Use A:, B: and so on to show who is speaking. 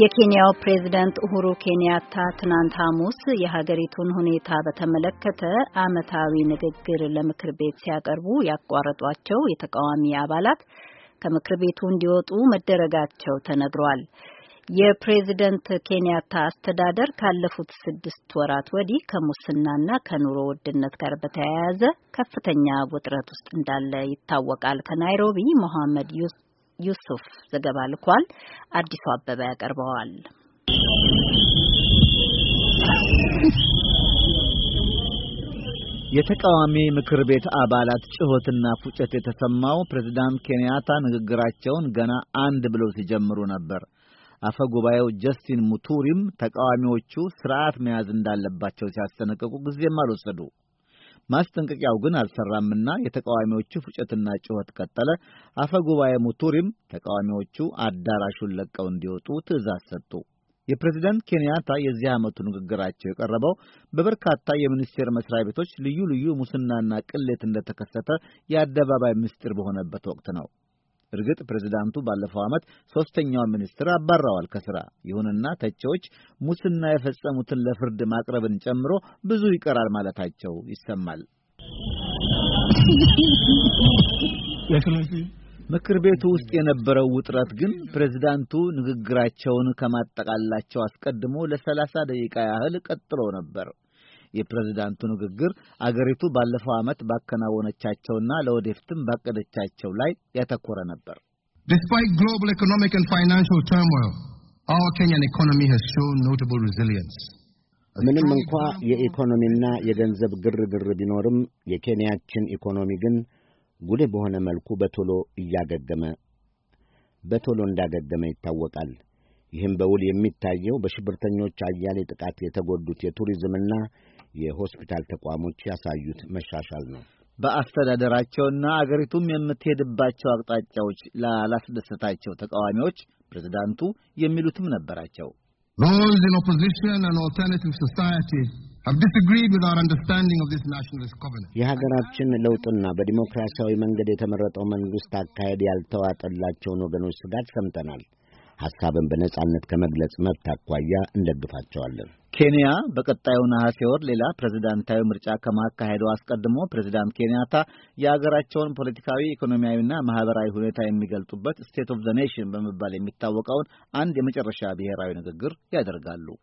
A: የኬንያው ፕሬዝደንት ኡሁሩ ኬንያታ ትናንት ሐሙስ የሀገሪቱን ሁኔታ በተመለከተ ዓመታዊ ንግግር ለምክር ቤት ሲያቀርቡ ያቋረጧቸው የተቃዋሚ አባላት ከምክር ቤቱ እንዲወጡ መደረጋቸው ተነግሯል። የፕሬዝደንት ኬንያታ አስተዳደር ካለፉት ስድስት ወራት ወዲህ ከሙስናና ከኑሮ ውድነት ጋር በተያያዘ ከፍተኛ ውጥረት ውስጥ እንዳለ ይታወቃል። ከናይሮቢ መሐመድ ዩሱፍ ዘገባ ልኳል። አዲሱ አበባ ያቀርበዋል።
B: የተቃዋሚ ምክር ቤት አባላት ጩኸትና ፉጨት የተሰማው ፕሬዝዳንት ኬንያታ ንግግራቸውን ገና አንድ ብለው ሲጀምሩ ነበር። አፈ ጉባኤው ጀስቲን ሙቱሪም ተቃዋሚዎቹ ስርዓት መያዝ እንዳለባቸው ሲያስጠነቅቁ ጊዜም አልወሰዱ። ማስጠንቀቂያው ግን አልሰራምና የተቃዋሚዎቹ ፉጨትና ጩኸት ቀጠለ። አፈ ጉባኤ ሙቱሪም ተቃዋሚዎቹ አዳራሹን ለቀው እንዲወጡ ትዕዛዝ ሰጡ። የፕሬዝደንት ኬንያታ የዚህ ዓመቱ ንግግራቸው የቀረበው በበርካታ የሚኒስቴር መስሪያ ቤቶች ልዩ ልዩ ሙስናና ቅሌት እንደተከሰተ የአደባባይ ምስጢር በሆነበት ወቅት ነው። እርግጥ ፕሬዝዳንቱ ባለፈው ዓመት ሦስተኛውን ሚኒስትር አባረዋል ከሥራ። ይሁንና ተቺዎች ሙስና የፈጸሙትን ለፍርድ ማቅረብን ጨምሮ ብዙ ይቀራል ማለታቸው ይሰማል። ምክር ቤቱ ውስጥ የነበረው ውጥረት ግን ፕሬዝዳንቱ ንግግራቸውን ከማጠቃላቸው አስቀድሞ ለሰላሳ ደቂቃ ያህል ቀጥሎ ነበር። የፕሬዝዳንቱ ንግግር አገሪቱ ባለፈው ዓመት ባከናወነቻቸውና ለወደፊትም ባቀደቻቸው ላይ ያተኮረ ነበር።
A: Despite global economic and financial turmoil, our Kenyan economy has shown notable resilience.
C: ምንም እንኳ የኢኮኖሚና የገንዘብ ግርግር ቢኖርም የኬንያችን ኢኮኖሚ ግን ጉልህ በሆነ መልኩ በቶሎ እያገገመ በቶሎ እንዳገገመ ይታወቃል። ይህም በውል የሚታየው በሽብርተኞች አያሌ ጥቃት የተጎዱት የቱሪዝምና የሆስፒታል ተቋሞች ያሳዩት መሻሻል ነው።
B: በአስተዳደራቸውና አገሪቱም የምትሄድባቸው አቅጣጫዎች ላላስደሰታቸው ተቃዋሚዎች ፕሬዝዳንቱ የሚሉትም ነበራቸው።
C: የሀገራችን ለውጥና በዲሞክራሲያዊ መንገድ የተመረጠው መንግሥት አካሄድ ያልተዋጠላቸውን ወገኖች ስጋት ሰምተናል። ሐሳብን በነጻነት ከመግለጽ መብት አኳያ እንደግፋቸዋለን።
B: ኬንያ በቀጣዩ ነሐሴ ወር ሌላ ፕሬዝዳንታዊ ምርጫ ከማካሄዱ አስቀድሞ ፕሬዝዳንት ኬንያታ የአገራቸውን ፖለቲካዊ፣ ኢኮኖሚያዊና ማህበራዊ ሁኔታ የሚገልጡበት ስቴት ኦፍ ዘ ኔሽን በመባል የሚታወቀውን አንድ የመጨረሻ ብሔራዊ ንግግር ያደርጋሉ።